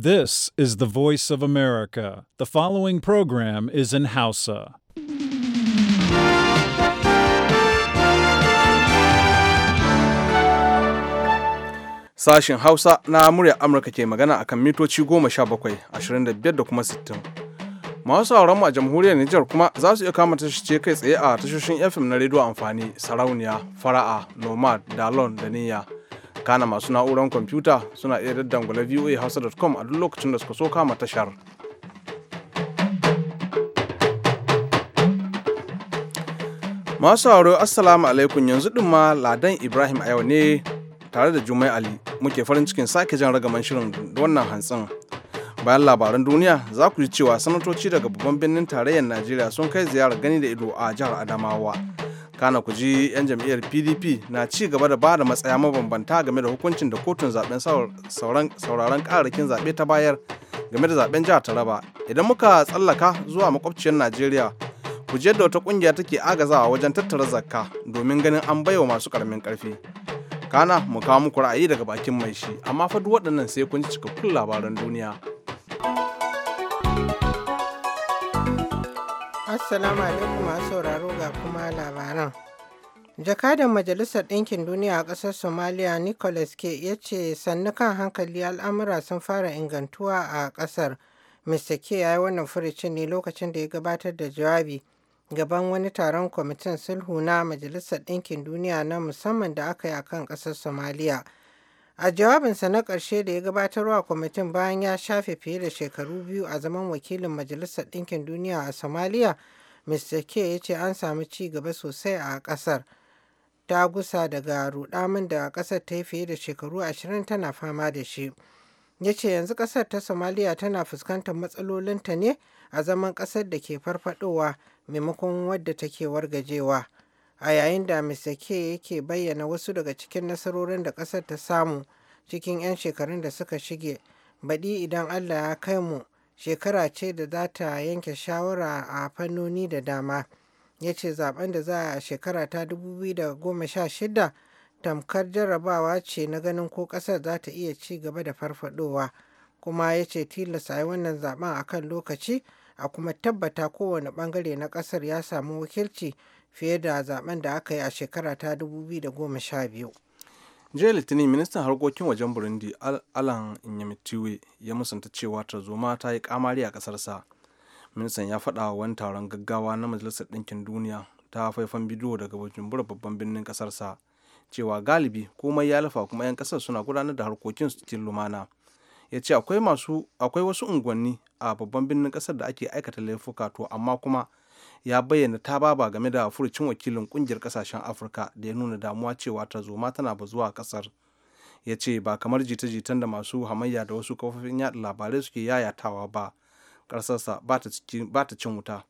This is the voice of America. The following program is in Hausa. Sashen Hausa na murya Amurka ke magana a kan mitoci goma sha bakwai, ashirin da biyar da kuma sittin, Masu sauranmu a jamhuriyar Nijar kuma za su iya kama tashoce kai tsaye a tashoshin FM na rediyo amfani, sarauniya, fara'a, nomad, dalon da niyya. kana masu na'urar kwamfuta suna iya daddangula hausa.com a duk lokacin da suka so kama tashar. Masu sauraro Assalamu alaikum yanzu din ma Ladan Ibrahim a yau ne tare da Jumai Ali muke farin cikin sake jan ragaman shirin wannan hantsin. Bayan labaran duniya za ku ji cewa sanatoci daga babban birnin tarayyar Najeriya sun kai ziyarar gani da ido a jihar Adamawa. kana ku ji 'yan jam'iyyar pdp na ci gaba da bada matsaya mabambanta game da hukuncin da kotun zaben sauraron kararrakin zaɓe ta bayar game da zaben jihar taraba idan muka tsallaka zuwa makwabciyar najeriya ku ji yadda wata kungiya take agazawa wajen tattara zakka domin ganin an baiwa masu karamin karfi kana mu kawo muku ra'ayi daga bakin mai shi amma fa duk waɗannan sai kun ji cikakkun labaran duniya. Assalamu alaikum masu sauraro ga kuma labaran. Jakadan Majalisar Ɗinkin Duniya a ƙasar Somalia Nicholas K ya ce sannu kan hankali al'amura sun fara ingantuwa a ƙasar. Mr. K ya yi wannan furucin ne lokacin da ya gabatar da jawabi gaban wani taron kwamitin sulhu na Majalisar Ɗinkin Duniya na musamman da aka yi a kan ƙasar Somalia. A jawabinsa na ƙarshe da ya gabatarwa kwamitin bayan ya shafe fiye da shekaru biyu a zaman wakilin Majalisar Ɗinkin Duniya a Somalia, Mr. K ya ce an samu ci gaba sosai a ƙasar. Ta gusa daga rudamin da ƙasar ta yi fiye da shekaru ashirin tana fama da shi. Ya ce yanzu ƙasar ta Somalia tana fuskantar matsalolinta ne a zaman ƙasar da ke farfadowa maimakon wadda take wargajewa. a yayin da Mr. K yake bayyana wasu daga cikin nasarorin da ƙasar ta samu cikin 'yan shekarun da suka shige baɗi idan Allah ya kai mu shekara ce da za ta yanke shawara a fannoni da dama ya ce zaben da za a shekara ta 2016 tamkar jarrabawa ce na ganin ko ƙasar za ta iya ci gaba da farfadowa kuma ya ce tilasta a yi wannan zaben a kan lokaci a kuma tabbata kowane bangare na ƙasar ya samu wakilci fiye da zaben da aka yi a shekara ta 2012 jiya litinin ministan harkokin wajen burundi alan inyamitiwe ya musanta cewa tarzoma ta yi kamari a kasarsa ministan ya faɗa wa wani taron gaggawa na majalisar ɗinkin duniya ta faifan bidiyo daga bujumbura babban birnin kasarsa cewa galibi komai ya lafa kuma 'yan kasar suna gudanar da harkokin su cikin lumana ya ce akwai wasu unguwanni a babban birnin kasar da ake aikata laifuka to amma kuma ya bayyana ta baba game da furucin wakilin kungiyar kasashen afirka da ya nuna damuwa cewa tarzoma tana bazuwa a kasar ya ce ba kamar jita-jitan da masu hamayya da wasu kafofin yada labarai suke yayatawa ba ƙarsarsa ba ta cin wuta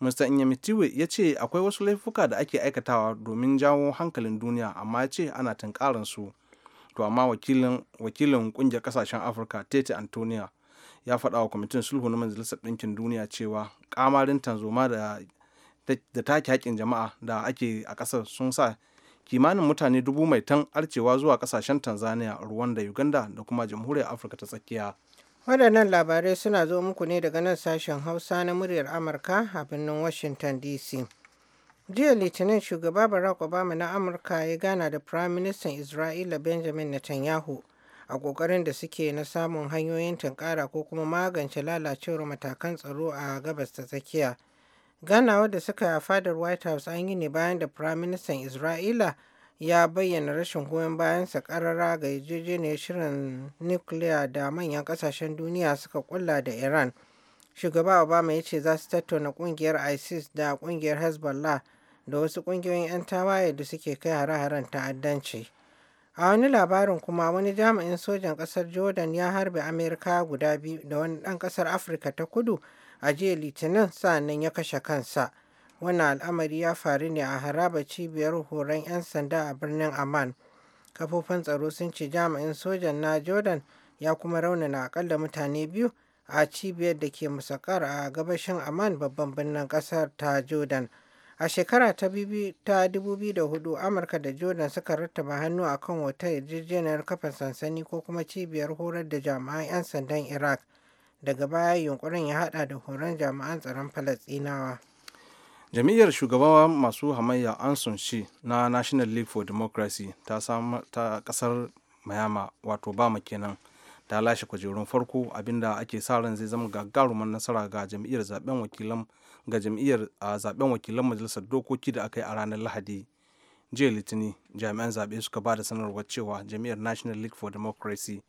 mr inyamitiwe ya ce akwai wasu laifuka da ake aikatawa domin jawo hankalin duniya amma ya ce ana tunkarin su to amma wakilin kungiyar kasashen afirka tete antonia ya faɗa wa kwamitin sulhu na majalisar ɗinkin duniya cewa kamarin tanzoma da da take haƙƙin jama'a da ake a ƙasar sun sa kimanin mutane dubu mai tan arcewa zuwa ƙasashen tanzania ruwanda uganda da kuma jamhuriyar afirka ta tsakiya waɗannan labarai suna zo muku ne daga nan sashen hausa na muryar amurka a birnin washington dc jiya litinin shugaba barack obama na amurka ya gana da prime minister isra'ila benjamin netanyahu a ƙoƙarin da suke na samun hanyoyin tunkara ko kuma magance lalacewar matakan tsaro a gabas ta tsakiya. Ganawa da suka yi a fadar White House an yi ne bayan da prime minister Isra'ila ya bayyana rashin goyon bayansa karara ga yarjejeniyar shirin nuclear da manyan kasashen duniya suka kulla da Iran. Shugaba Obama ya ce za su tattauna kungiyar ISIS da kungiyar Hezbollah da wasu kungiyoyin 'yan tawaye da suke kai hare-haren ta'addanci. A wani labarin kuma wani jami'in sojan ƙasar Jordan ya harbe amerika guda biyu da wani ɗan ƙasar Afirka ta kudu a jiya Litinin sa'annan ya kashe kansa. Wannan al'amari ya faru ne a haraba cibiyar horon 'yan sanda a birnin Amman. Kafofin tsaro sun ce jami'in sojan na Jordan ya kuma raunana akalla mutane biyu a cibiyar da ke musakar a gabashin Amman babban birnin ƙasar ta Jordan. A shekara ta 2004, Amurka da Jordan suka rattaba hannu a kan wata yarjejeniyar kafa sansani ko kuma cibiyar horar da jami'an 'yan sandan Iraq. Daga baya yunkurin ya hada da horon jami'an tsaron Falasɗinawa. Jami'ar shugaba masu hamayya Anson Shi na National League for Democracy ta ta kasar Mayama wato Bama kenan ta lashe kujerun farko abinda ake sa ran zai zama gagaruman nasara ga jami'ar zaben wakilan ga jam'iyyar a zaben wakilan majalisar dokoki da aka yi a ranar lahadi jiya litini jami'an zaɓe suka ba da sanarwar cewa jam'iyyar national league for democracy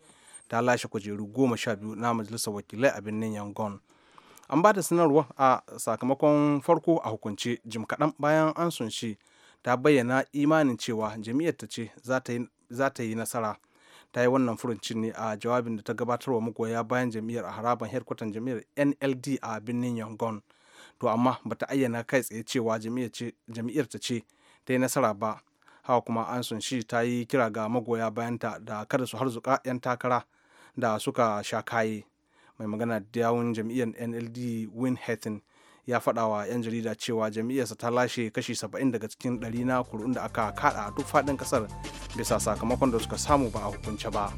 ta lashe kujeru goma sha biyu na majalisar wakilai a birnin yangon an ba da sanarwa a sakamakon farko a hukunce jim kaɗan bayan an sunshi ta bayyana imanin cewa jam'iyyar ta ce za ta yi nasara ta yi wannan furuncin ne a jawabin da ta gabatarwa magoya bayan jam'iyyar a haraban headquarter jam'iyyar nld a birnin yangon to amma bata ayyana kai tsaye cewa jam'iyyar ta ce ta yi nasara ba hawa kuma an sun shi ta yi kira ga magoya bayanta da kada su harzuka 'yan takara da suka sha kaye mai magana da yawun jam'iyyar nld win ya faɗa wa 'yan jarida cewa jam'iyyarsa ta lashe kashi 70 daga cikin ɗari na kur'un da aka kaɗa a duk faɗin ƙasar bisa sakamakon da suka samu ba a hukunce ba.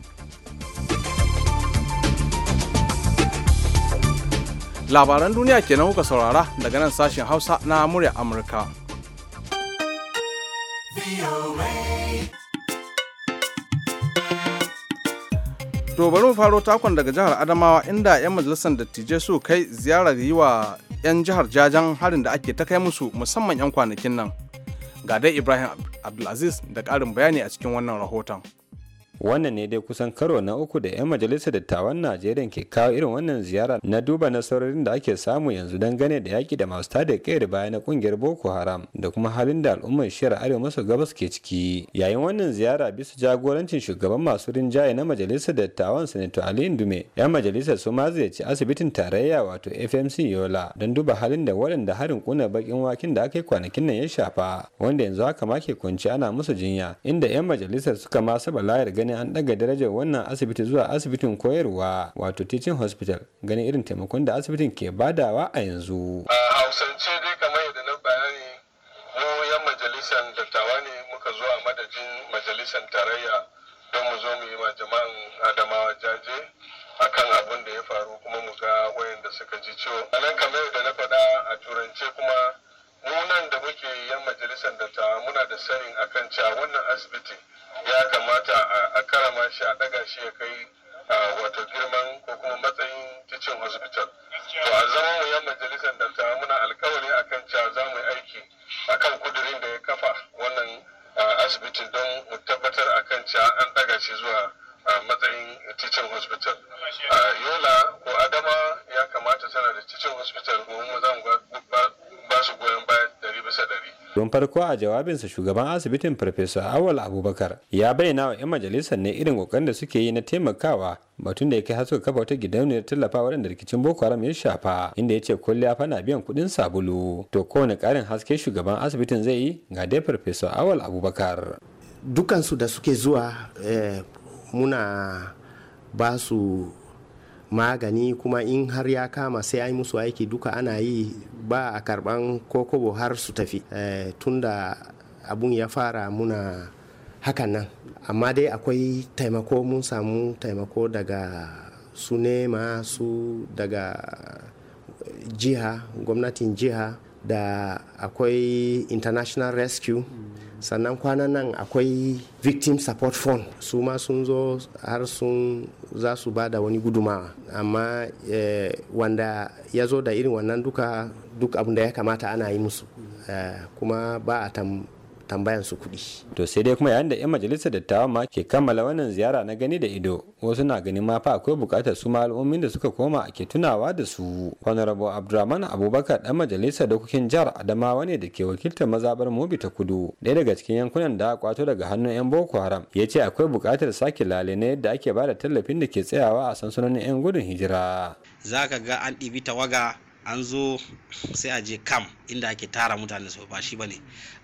labaran duniya kenan kuka saurara daga nan sashen hausa na murya amurka to mu faro takon daga jihar adamawa inda 'yan majalisar dattijai su kai ziyarar yi wa 'yan jihar jajan harin da ake ta kai musu musamman 'yan kwanakin nan ga dai ibrahim abdulaziz da ƙarin bayani a cikin wannan rahoton wannan ne dai kusan karo na uku da 'yan majalisar dattawan najeriya ke kawo irin wannan ziyara na duba nasarorin da ake samu yanzu don gane da yaki da masu tada kayar baya na kungiyar boko haram da kuma halin da al'ummar shiyar arewa maso gabas ke ciki yayin wannan ziyara bisa jagorancin shugaban masu rinjaye na majalisar dattawan sanato ali indume 'yan majalisar su ma ziyarci asibitin tarayya wato fmc yola don duba halin da waɗanda harin kuna bakin wakin da aka yi kwanakin nan ya shafa wanda yanzu haka ma ke kunci ana musu jinya inda 'yan majalisar suka ma saba layar gani ne an daga darajar wannan asibiti zuwa asibitin koyarwa wato teaching hospital ganin irin taimakon da asibitin ke badawa a yanzu a hausance dai kamar yadda na bayani mu yan majalisar dattawa ne muka zo a madadin majalisar tarayya don mu zo mu yi ma jama'an adamawa jaje akan abin da ya faru kuma mu ga wayanda suka ji ciwo anan kamar yadda na faɗa a turance kuma mu nan da muke yan majalisar dattawa muna da sanin akan cewa wannan asibiti ya kamata a karama shi a daga shi ya kai wato girman ko kuma matsayin cikin hospital to a zama mu yan majalisar da ta muna alkawari akan ca za mu yi aiki akan kudirin da ya kafa wannan asibiti don mu tabbatar akan ca an daga shi zuwa matsayin cikin hospital yola ko adama ya kamata tana da cikin hospital domin mu za mu ba su goyon Don farko a jawabinsa shugaban asibitin Farfesa Awal Abubakar ya bayyana wa 'yan majalisar ne irin kokarin da suke yi na taimakawa batun da ya kai har suka kafa wata gidauniyar tallafa waɗanda rikicin Boko Haram ya shafa inda ya ce kulliya fana biyan kuɗin sabulu. To kowane ƙarin haske shugaban asibitin zai yi ga dai Farfesa Awal Abubakar. Dukansu da suke zuwa eh, muna basu. magani kuma in har ya kama sai ai musu aiki duka ana yi ba a karban kokobo har su tafi e, tunda abun ya fara muna hakan nan amma dai akwai taimako mun samu taimako daga su nema su daga jiha gwamnatin jiha da akwai international rescue sannan kwanan nan akwai victim support fund su ma sun zo har sun za su ba da wani gudumawa amma eh, wanda ya zo da irin wannan duka duk abin da ya kamata ana yi musu eh, kuma ba a tam tambayan su kuɗi. To sai dai kuma yayin da 'yan majalisar dattawa ma ke kammala wannan ziyara na gani da ido wasu na ganin ma fa akwai buƙatar su ma al'ummin da suka koma ke tunawa da su. Honorable Abdulrahman Abubakar ɗan majalisar dokokin jihar Adamawa ne da ke wakiltar mazabar Mobi ta Kudu ɗaya daga cikin yankunan da kwato daga hannun 'yan Boko Haram ya ce akwai buƙatar sake lale na yadda ake bada tallafin da ke tsayawa a sansanonin 'yan gudun hijira. Za ka ga an ɗibi tawaga an zo sai a je kam inda ake tara mutane su ba shi ba ne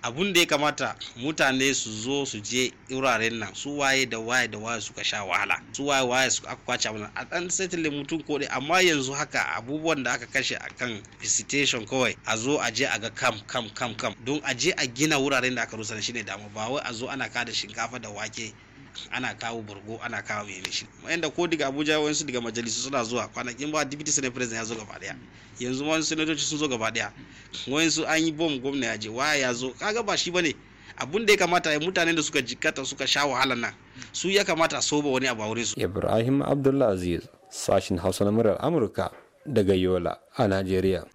abun da ya kamata mutane su zo su je wuraren nan su waye da waye da waye suka sha wahala su waye waye su aka kwace mana a dan settle mutum ko dai amma yanzu haka abubuwan da aka kashe akan visitation kawai a zo a je a ga kam kam kam kam don a je a gina wuraren da aka rusa shine damu ba wai a zo ana kada shinkafa da wake ana kawo burgo ana kawo mai shi da ko daga abuja wayansu daga majalisu suna zuwa kwanakin ba deputy senate president ya zo gaba daya yanzu wani senatoci sun zo gaba daya wayansu an yi bom gwamna ya je waya ya zo kaga ba shi bane abun da ya kamata ya mutanen da suka jikata suka sha wahalar nan su ya kamata a soba wani abu wurin su ibrahim abdullah aziz sashin hausa na murar amurka daga yola a najeriya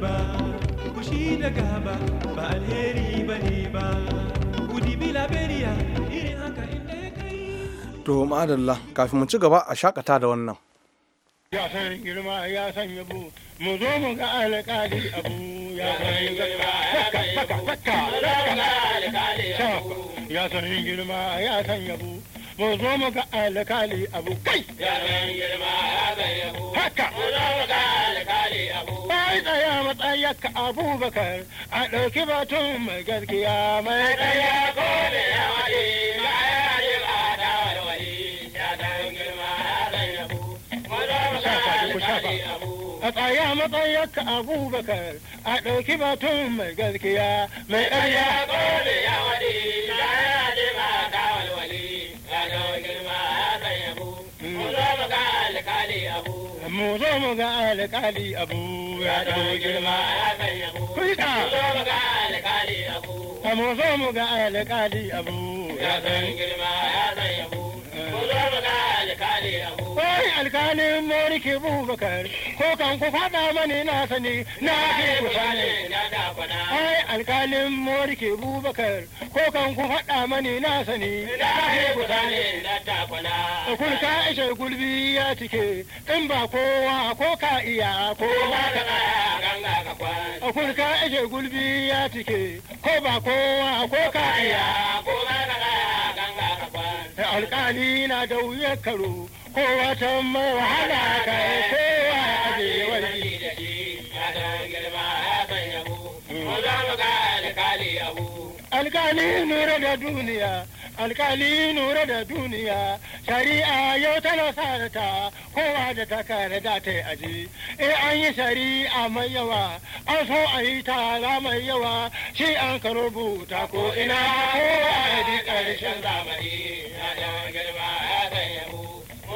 ba da gaba ba alheri ba ne ba gudi to ma'adalla kafin mu ci gaba a shakata da wannan ya san girma ya san yabu, mu zo mu ga alƙali abu ya san girma ya san girma ya san mu zo mu ga alkali abu kai yaran girma zai haka mu zo mu ga alkali abu bai tsaya matsayaka abubakar a ɗauki batun mai gaskiya mai tsaya ko da ya waɗe ba ya yi ba da walwali yaran girma zai abu mu zo mu ga alkali a tsaya matsayaka abubakar a ɗauki batun mai gaskiya mai ɗarya ko da ya waje. mu zo mu ga alƙali abu ya ɗau girma ya kai yabo kuka mu zo mu ga alƙali abu mu zo mu ga alƙali abu ya san girma ya san yabo mu zo mu ga alƙali abu wai alkalin moriki bubakar ko kan ku faɗa mani na sani na ke kusa ne wai alkalin moriki bubakar ko kan ku faɗa mani na sani na ke kusa ne na kulka ishe gulbi ya cike in ba kowa ko ka iya ko ba ka ganga ka kwan kulka ishe gulbi ya cike ko ba kowa ko ka iya ko ba ka ganga ka kwan alkali na da wuyar karo kowa can mai wahala ka yi kowa a jewar ji da ji ya girma ya san yabo mu za mu ga alkali abu alkali nura da duniya alkali nura da duniya shari'a yau tana sa ta kowa da ta kare da ta aji eh an yi shari'a mai yawa an so a yi tara mai yawa shi an ka rubuta ko ina kowa da ƙarshen zamani ya girma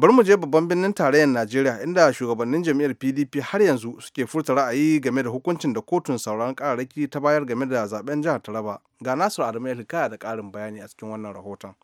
bar mu je babban birnin tarayyar najeriya inda shugabannin jam'iyyar pdp har yanzu suke furta ra'ayi game da hukuncin da kotun sauran kararraki ta bayar game da zaben jihar taraba ga nasiru adamu ya da karin bayani a cikin wannan rahoton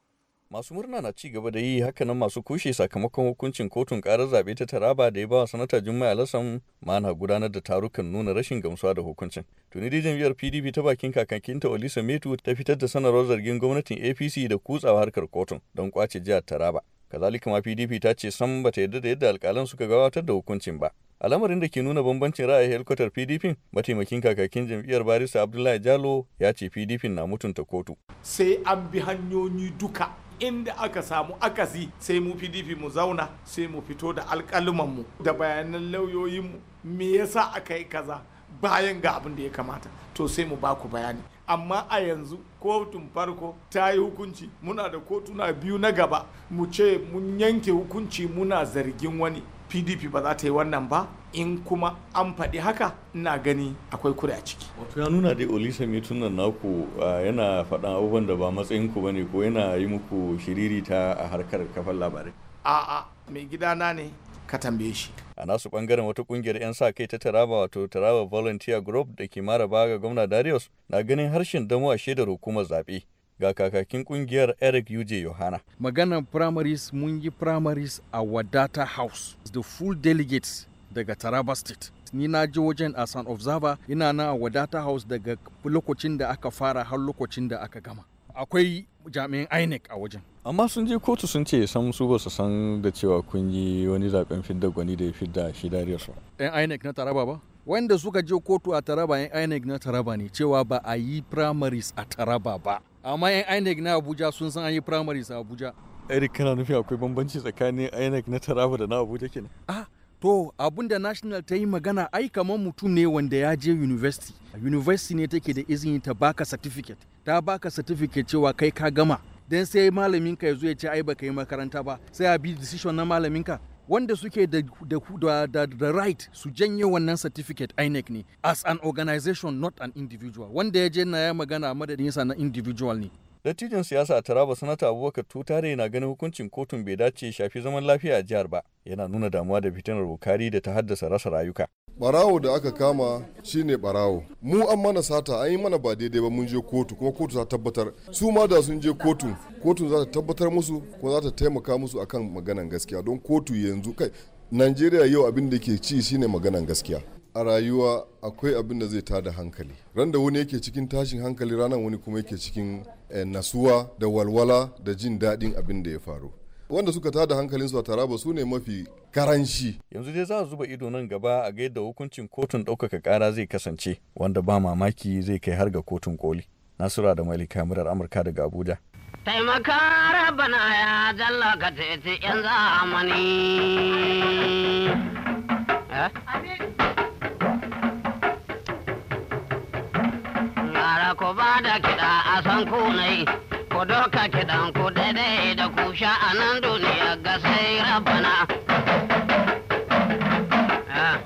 Masu murna na ci gaba da yi hakanan masu kushe sakamakon hukuncin kotun karar zaɓe ta Taraba da ya ba wa sanata Jummai ma mana gudanar da tarukan nuna rashin gamsuwa da hukuncin. Tuni dai jam'iyyar PDP ta bakin kakakinta Olisa Metu ta fitar da sanarwar zargin gwamnatin APC da kutsawa harkar kotun don kwace jihar Taraba. kazalika ma pdp ta ce sam ta yadda da yadda alkalan suka gabatar da hukuncin ba a lamarin da ke nuna bambancin ra'ayi helkwatar pdp mataimakin kakakin jam'iyyar barista abdullahi jalo ya ce pdp na mutunta kotu sai an bi hanyoyi duka inda aka samu akasi sai mu pdp mu zauna sai mu fito da mu da bayanan lauyoyin mu me yasa aka yi kaza bayan ga abin da ya kamata to sai mu baku bayani amma a yanzu kotun farko ta yi hukunci muna da kotuna biyu na gaba mu ce mun yanke hukunci muna zargin wani pdp ba za ta yi wannan ba in kuma an faɗi haka ina gani akwai kure a ciki wato ya nuna dai olisa mai tunan naku yana faɗan abubuwan da ba matsayin ku bane ko yana yi muku shiriri ta a harkar kafan labarai a'a mai gidana ne ka tambaye shi a nasu bangaren wata kungiyar 'yan sa kai ta taraba wato taraba volunteer group da ke mara ga gwamna darius na ganin harshen damuwa a shaidar hukumar zaɓe ga kakakin kungiyar eric UJ yohana maganar primaries mun yi primaries a wadata house the full delegates daga taraba state ni na je wajen a san observer ina na a wadata house daga lokacin da aka fara har lokacin da aka gama akwai jami'in inec a wajen amma sun je kotu sun ce san su ba su san da cewa kun yi wani zaben fidda gwani da ya fidda shi dariya su yan inec na taraba ba wanda suka je kotu a taraba yan inec na taraba ne cewa ba a yi primaries a taraba ba amma yan inec na abuja sun san an yi primaries a abuja eric kana nufi akwai bambanci tsakanin inec na taraba da na abuja kenan ah to da national ta yi magana ai kamar mutum ne wanda ya je university university ne take da izini ta baka certificate ta baka certificate cewa kai ka gama dan sai malaminka ya zo ya ce ai baka yi makaranta ba sai a bi decision na malaminka wanda suke da, da, da, da, right su janye wannan certificate INEC ne as an organization not an individual wanda ya je na ya magana madadinsa na individual ne dattijon siyasa a Taraba Sanata Abubakar Tutare na ganin hukuncin kotun bai dace shafi zaman lafiya a jihar ba. Yana nuna damuwa da fitinar Bukari da ta haddasa rasa rayuka. Barawo da aka kama shine barawo. Mu an mana sata an yi mana ba daidai ba mun je kotu kuma kotu ta tabbatar. Su ma da sun je kotu, kotu za ta tabbatar musu kuma za ta taimaka musu akan maganan gaskiya don kotu yanzu kai Najeriya yau abin da ke ci shine maganan gaskiya. a rayuwa akwai abin da zai tada hankali ran da wani yake cikin tashin hankali ranar wani kuma yake cikin Eh, nasuwa da walwala da jin daɗin abin da ya faru wanda suka tada hankalinsu a taraba su ne mafi karanci yanzu dai za a zuba ido nan gaba a ga yadda hukuncin kotun ɗaukaka ƙara zai kasance wanda ba mamaki zai kai har ga kotun koli nasura da malika murar amurka daga abuja taimaka rabana ya jalla ka yan ku ba da kiɗa a san ku ne ku doka kiɗan ku daidai da kusha a nan duniya ga sai rabana. Ah.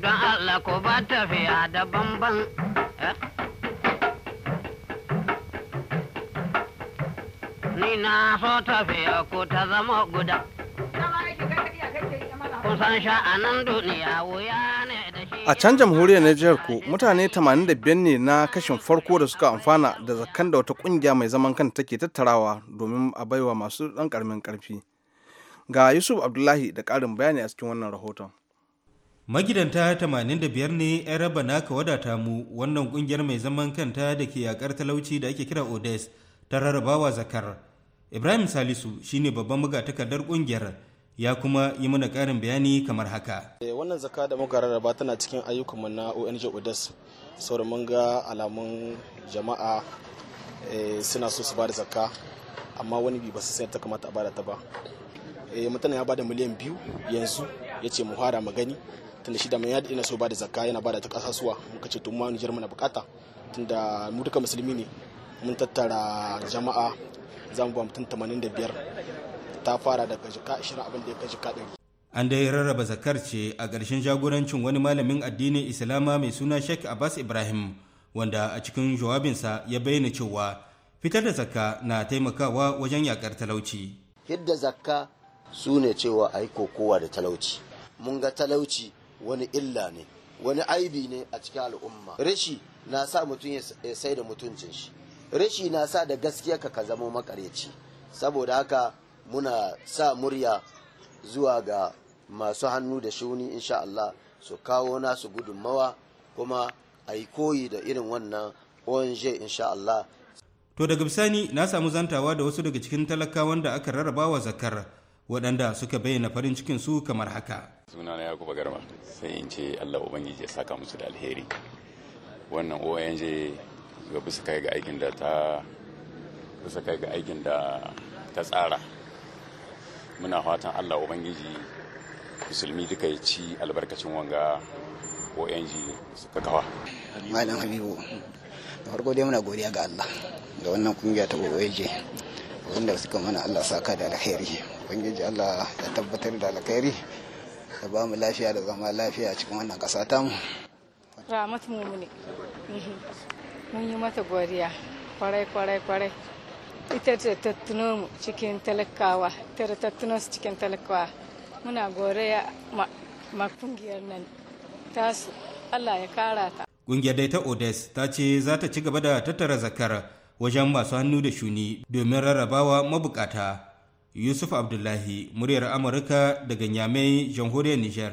Don Allah ku ba tafiya da bamban. ni na so tafiya ku ta zama guda. Kusan duniya wuya ne da shi. A can jamhuriyar Nijar ku mutane 85 ne na kashin farko da suka amfana da zakan da wata kungiya mai zaman kanta take tattarawa domin a baiwa masu ɗan ƙaramin karfi Ga Yusuf Abdullahi da karin bayani a cikin wannan rahoton. magidanta 85 ne 'yan raba naka wadata mu wannan kungiyar mai zaman kanta da ke yakar talauci da ake kira odes ta rarrabawa zakar Ibrahim Salisu shine babban magatakardar kungiyar ya kuma yi mana karin bayani kamar haka. Eh, wannan zaka da muka rarraba tana cikin ayyukanmu na ONG Odas saboda mun ga alamun jama'a eh, suna so su ba da zakka amma wani bi ba su ta kamata a bada ta ba. Eh, mutane ya bada miliyan biyu yanzu ya ce mu fara magani tunda shi da mai yadda ina so ba da zakka yana ba da ta kasasuwa muka ce to mu Nijar na bukata tunda mu duka musulmi ne mun tattara jama'a zamba mutum tamanin mutum 85 ta fara daga jika 20 abin da ya kaji jika 100 an dai rarraba zakar ce a ƙarshen jagorancin wani malamin addinin islama mai suna sheikh abbas ibrahim wanda a cikin jawabinsa ya bayyana cewa fitar da zakka na taimakawa wajen yakar talauci yadda zakka su ne cewa a yi kokowa da talauci mun ga talauci wani illa ne wani aibi ne a cikin al'umma rashi na sa mutum ya sai da mutuncin shi rashi na sa da gaskiya ka zamo makaryaci saboda haka muna sa murya zuwa ga masu hannu da shuni insha Allah su kawo nasu gudunmawa kuma a yi koyi da irin wannan ONG insha Allah to daga bisani na samu zantawa da wasu daga cikin talakawan wanda aka rarraba wa zakar waɗanda suka bayyana farin cikin su kamar haka suna na yakuba garma sai in ce allah ubangiji ya saka musu da alheri wannan ong ga bisa kai ga aikin da ta bisa kai ga aikin da ta tsara muna fatan allah ubangiji musulmi duka ya ci albarkacin wanga ong suka kawa malam habibu da farko dai muna godiya ga allah ga wannan kungiya ta ong wanda suka mana allah saka da alkhairi ubangiji allah ya tabbatar da alkhairi da ba mu lafiya da zama lafiya cikin wannan ƙasa tamu ramatu mu ne mun yi mata godiya kwarai kwarai kwarai ita ce tattuno mu cikin talakawa ita da tattuno su cikin talakawa muna godiya ma kungiyar nan tasu Allah ya kara ta kungiyar dai ta odes ta ce za ta ci gaba da tattara zakar wajen masu hannu da shuni domin rarrabawa mabukata yusuf abdullahi muryar amurka daga nyamai jamhuriyar nijar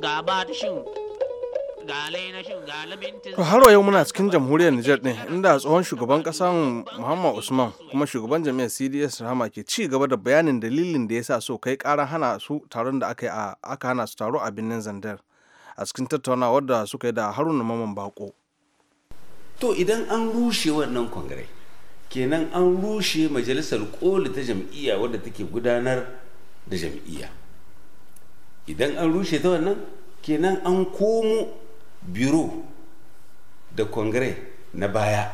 to har yau muna cikin jamhuriyar Nijar din inda tsohon shugaban ƙasar Muhammad Usman kuma shugaban jami'ar CDS Rahama ke ci gaba da bayanin dalilin da ya sa so kai karan hana su taron da aka yi aka hana su taro a birnin Zandar a cikin tattaunawa da suka yi da Haruna Maman Bako to idan an rushe wannan kongare kenan an rushe majalisar koli ta jam'iyya wadda take gudanar da jam'iyya idan an rushe ta wannan kenan an komo biro da kongre na baya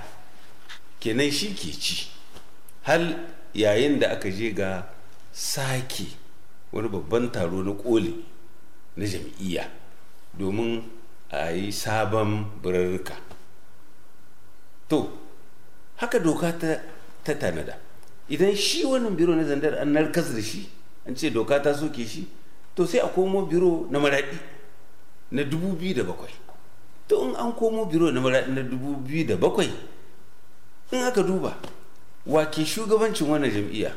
kenan shi ke ci hal yayin da aka je ga sake wani babban taro na koli na jam'iyya domin a yi sabon birarruka to haka doka ta tanada idan shi wannan biro na zandar an narkas da shi an ce doka ta soke shi to sai a komo biro na maraɗi na dubu biyu da bakwai to in an komo biro na maraɗi na dubu biyu da bakwai in aka duba wake shugabancin wannan jam'iyya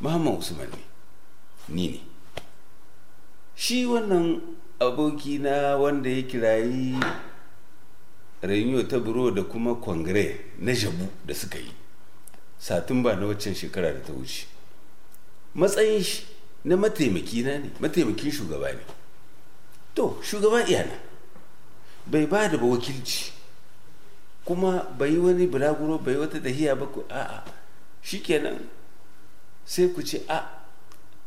muhammad usman ne ni ne shi wannan aboki na wanda ya kirayi renyo ta biro da kuma kongre na jabu da suka yi satumba na waccan shekara da ta wuce matsayin shi na mataimaki na ne mataimakin shugaba ne to shugaba iyana bai ba da wakilci kuma bai wani bulaguro bai wata dahiya ba ku a'a shikenan sai ku ce a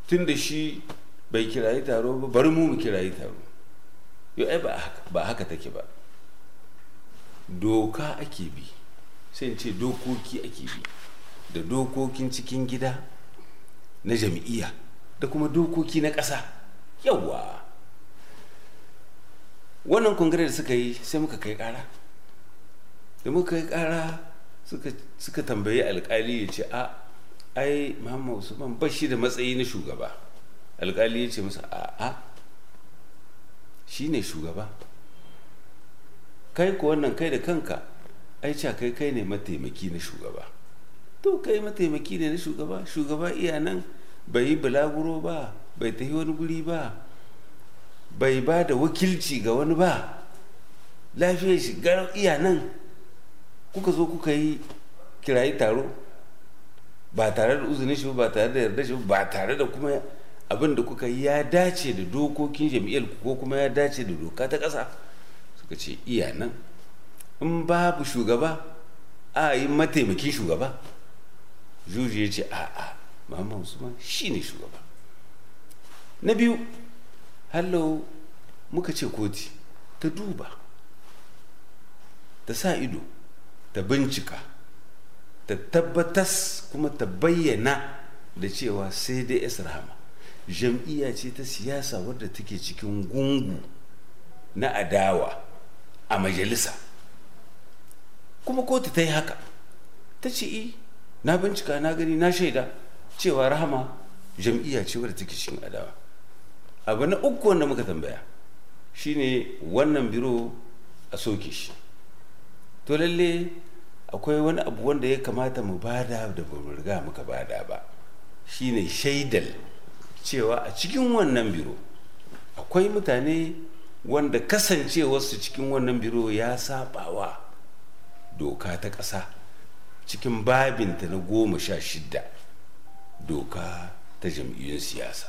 tun da shi bai kirayi taro ba bari mu mu kirayi taro yau ai ba haka take ba doka ake bi sai ce dokoki ake bi da dokokin cikin gida na jam'iyya da kuma dokoki na ƙasa yawwa wannan kongare da suka yi sai muka kai ƙara da muka kai ƙara suka tambayi alƙali ya ce a ai muhammad usman bashi da matsayi na shugaba alƙali ya ce masa a a shi ne shugaba kai ku wannan kai da kanka ai ca kai kai ne mataimaki na shugaba to kai mataimaki ne na shugaba shugaba iya nan bai yi bulaguro ba bai tafi wani guri ba bai ba da wakilci ga wani ba lafiyar shi ga iya nan kuka zo kuka yi kirayi taro ba tare da uzunin shi ba tare da yarda shi ba tare da kuma abin da kuka yi ya dace da dokokin jami'ar ko kuma ya dace da doka ta ƙasa suka ce iya nan in babu shugaba a yi mataimakin shugaba juji ya ce a'a muhammad usman ne shugaba na biyu hallo muka ce koti ta duba ta sa ido ta bincika ta tabbatas kuma ta bayyana da cewa sai dai rahama jam'iyya ce ta siyasa wadda take cikin gungu na adawa a majalisa kuma kotu ta yi haka ta ce eh, na bincika na gani na shaida cewa rahama jam'iyya ce wadda take cikin adawa abu na uku wanda muka tambaya shine wannan biro a soke shi to lalle akwai wani abu wanda ya kamata mu bada da ba riga muka bada ba shine shaidal cewa a cikin wannan biro akwai mutane wanda kasancewarsu cikin wannan biro ya sabawa doka ta ƙasa cikin babinta na goma sha shidda doka ta jam'iyyun siyasa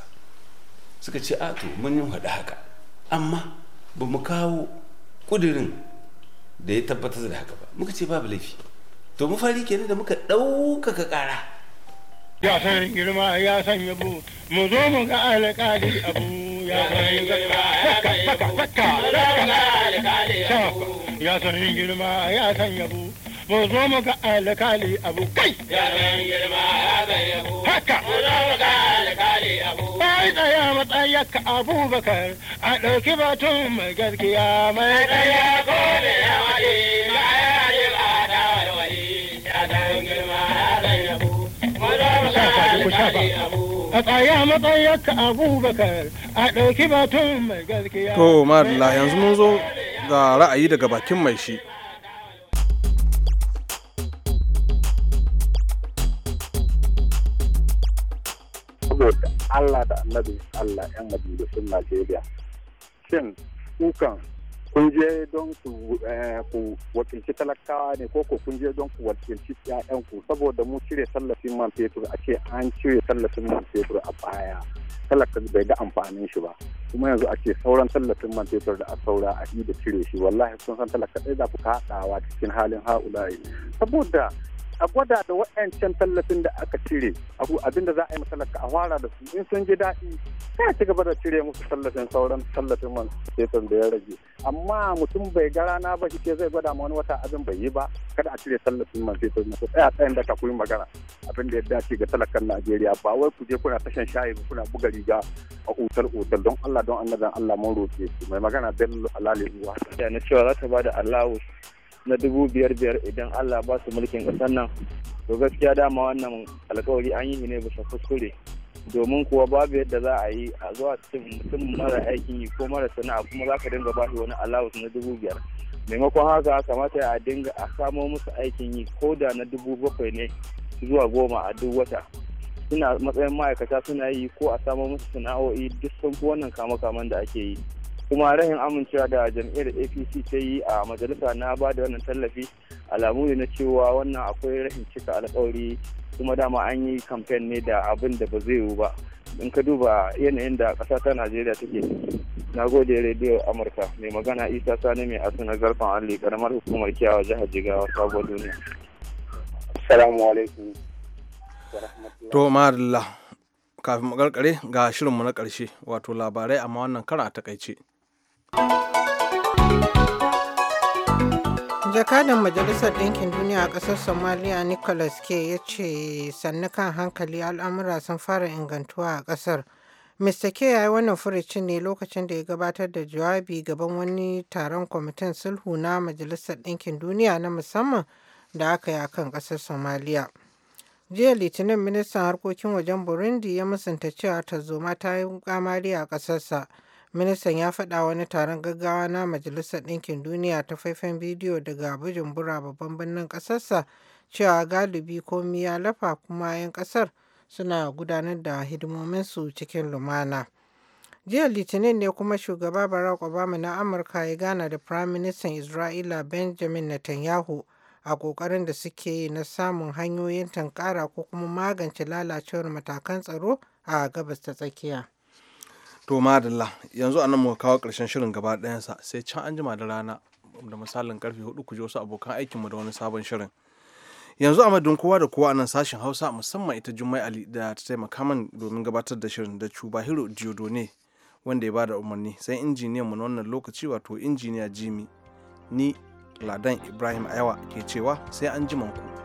suka ce a to mun yin haɗa haka amma ba mu kawo kudirin da ya tabbatar da haka ba muka ce babu laifi to mu fari kenan da muka ɗaukaka ƙara ya san girma ya san yabo mu zo mu ga alƙali abu ya san girma ya san yabo ya san girma ya san yabo mu zo mu ga abu kai haka bai tsaya matsayaka abubakar a ɗauki batun mai gaskiya mai tsaya ko ya alkali a matsayaka a batun mai to madalla yanzu mun zo ga ra'ayi daga bakin mai shi annabin Allah 'yan majalisun Najeriya. Shin kukan kun je don eh, ku wakilci talakawa ne ko ko kun je don ku wakilci 'ya'yanku saboda mu cire tallafin man fetur a ce an cire tallafin man fetur a baya talaka bai ga amfanin shi ba kuma yanzu a ce sauran tallafin man fetur da a saura a yi da cire shi wallahi sun san talaka ɗaya za ku kaɗawa cikin halin ha'ula'i saboda a gwada da waɗancan tallafin da aka cire abu abinda za a yi masalaka a fara da su in sun ji daɗi sai ci gaba da cire musu tallafin sauran tallafin man fetur da ya rage amma mutum bai ga rana ba shi zai gwada ma wani wata abin bai yi ba kada a cire tallafin man fetur na ku tsaya tsayin da ka kuyi magana abin da ya dace ga talakan Najeriya ba wai ku je kuna tashan shayi ba kuna buga riga a otal otal don Allah don annabin Allah mun roƙe su mai magana Bello Alali Uwa. na cewa za ta ba da alawus na dubu biyar biyar idan allah ba su mulkin ƙasar nan to gaskiya dama wannan alkawari an yi ne bisa kuskure domin kuwa babu yadda za a yi a zuwa cikin mutum mara aikin yi ko mara sana'a kuma za ka dinga bashi wani alawus na dubu biyar maimakon haka kamata a dinga a samo musu aikin yi ko da na dubu bakwai ne zuwa goma a duk wata suna matsayin ma'aikata suna yi ko a samo musu sana'o'i duk sun fi wannan kama-kaman da ake yi kuma rahin amincewa da jam'iyyar apc ta yi a majalisa na ba da wannan tallafi alamu ne na cewa wannan akwai rahin cika alkawari kuma dama an yi kamfen ne da abin da ba zai yiwu ba in ka duba yanayin da ƙasa ta najeriya take na gode rediyo amurka mai magana isa sani mai asu na garfan alli karamar hukumar kiyawa jihar jigawa sabuwar duniya assalamu alaikum to ma'adallah kafin karkare ga shirinmu na ƙarshe wato labarai amma wannan kara a takaice. jakadan majalisar ɗinkin duniya a ƙasar somaliya nicholas k ya ce sannu kan hankali al'amura sun fara ingantuwa a ƙasar mr k ya yi wannan furicin ne lokacin da ya gabatar da jawabi gaban wani taron kwamitin sulhu na majalisar ɗinkin duniya na musamman da aka yi a kan ƙasar somaliya jiya litinin ministan harkokin wajen burundi ya musanta cewa tarzoma ta yi kamari a ƙasarsa Ministan ya faɗa wani taron gaggawa na Majalisar Ɗinkin Duniya ta faifan bidiyo daga Bujumbura babban birnin ƙasarsa cewa galibi komi ya lafa kuma 'yan ƙasar suna gudanar da hidimominsu cikin lumana. Jiya Litinin ne kuma shugaba Barack Obama na Amurka ya gana da Firaministan Isra'ila Benjamin Netanyahu a ƙoƙarin da suke yi na samun hanyoyin tankara ko kuma magance lalacewar matakan tsaro a gabas ta tsakiya. to madalla yanzu anan muka kawo ƙarshen shirin gaba sa sai can an jima da rana da misalin karfe hudu ku ji wasu abokan aikinmu da wani sabon shirin yanzu a madun kowa da kowa a nan sashen hausa musamman ita jummai ali da ta taimaka min domin gabatar da shirin da cubahiro ne wanda ya ba da umarni sai injiniyan mu na wannan lokaci wato injiniya jimi ni ladan ibrahim ayawa ke cewa sai an jima ku.